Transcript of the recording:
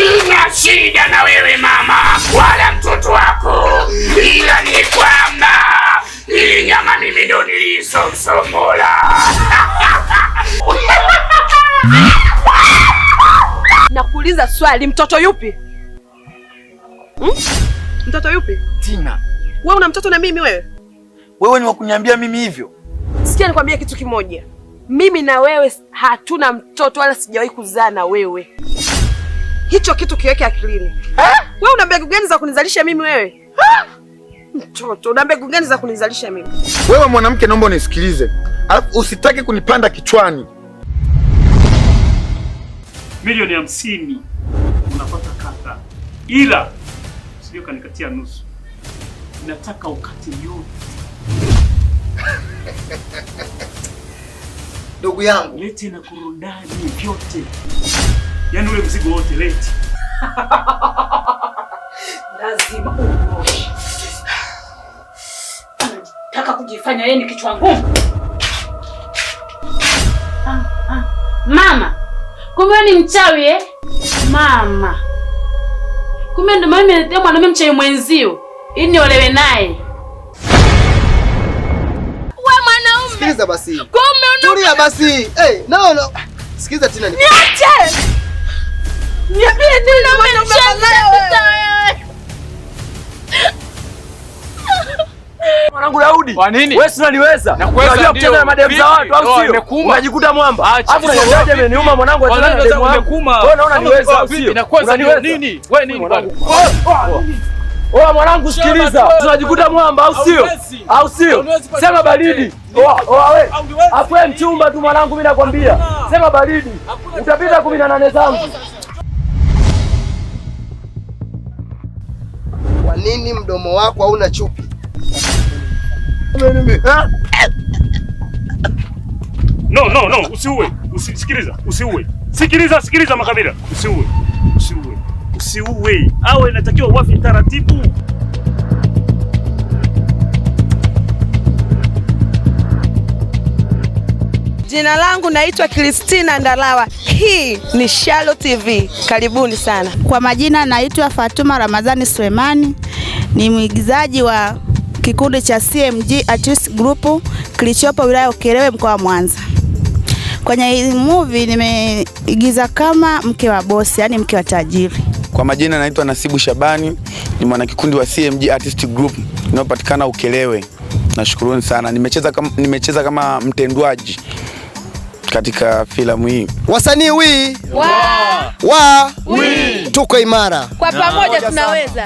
Sina shida na wewe mama, wala mtoto wako, ila ni kwamba ili nyama mimi ndo nilisomsomola Nakuuliza swali, mtoto yupi? Hmm? Mtoto yupi? Tina. Wewe una mtoto na mimi wewe? Wewe ni wakuniambia mimi hivyo? Sikia nikwambie kitu kimoja. Mimi na wewe hatuna mtoto wala sijawahi kuzaa na wewe hicho kitu kiweke akilini. Wewe una mbegu gani za kunizalisha mimi wewe? Mtoto, una mbegu gani za kunizalisha mimi? Wewe mwanamke, naomba unisikilize, alafu usitaki kunipanda kichwani. Milioni hamsini unapata kata, ila sio kanikatia nusu. Nataka ukati yote ndugu yangu, lete na kurudani vyote yani ule mzigo wote leti. Lazima uoshe. Nataka kujifanya yeye ni kichwa ngumu. Ah, ah. Mama, kumbe ni mchawi eh? Mama. Kumbe ndio mimi ndio mwanaume mchawi mwenzio. Ili niolewe naye. Wewe mwanaume. sikiza basi. Kumbe unaona. Tulia basi. Eh, hey, no no. Sikiza tena. Niache. Mwanangu Daudi, kwa nini? Wewe si unaliweza. Unajua kucheza na mademu za watu au sio? Unajikuta mwamba. Alafu unajaje ameniuma mwanangu acha na demu umekuma. Wewe unaona niweza au sio? Inakuwa nini? Wewe nini Oa mwanangu sikiliza. Unajikuta mwamba au sio? Au sio? Sema baridi. Oa oa wewe. Afu mchumba tu mwanangu mimi nakwambia. Sema baridi. Utapita 18 zangu. Kwa nini mdomo wako hauna chupi? No, no, no, usiue. Usisikiliza, usiue. Sikiliza, sikiliza Makabila. Usiue. Usiue. Usiue. Awe inatakiwa wafi taratibu. Jina langu naitwa Kristina Ndalawa. Hii ni Shalo TV, karibuni sana. Kwa majina naitwa Fatuma Ramadhani Sulemani, ni mwigizaji wa kikundi cha CMG Artist Group kilichopo wilaya Ukerewe mkoa wa Mwanza. Kwenye hii movie nimeigiza kama mke wa bosi, yani mke wa tajiri. Kwa majina naitwa Nasibu Shabani, ni mwanakikundi wa CMG Artist Group inayopatikana Ukerewe. Nashukuruni sana. Nimecheza kama, nimecheza kama mtendwaji katika filamu hii. Wasanii wi wa, wa. wi tuko imara kwa pamoja, tunaweza.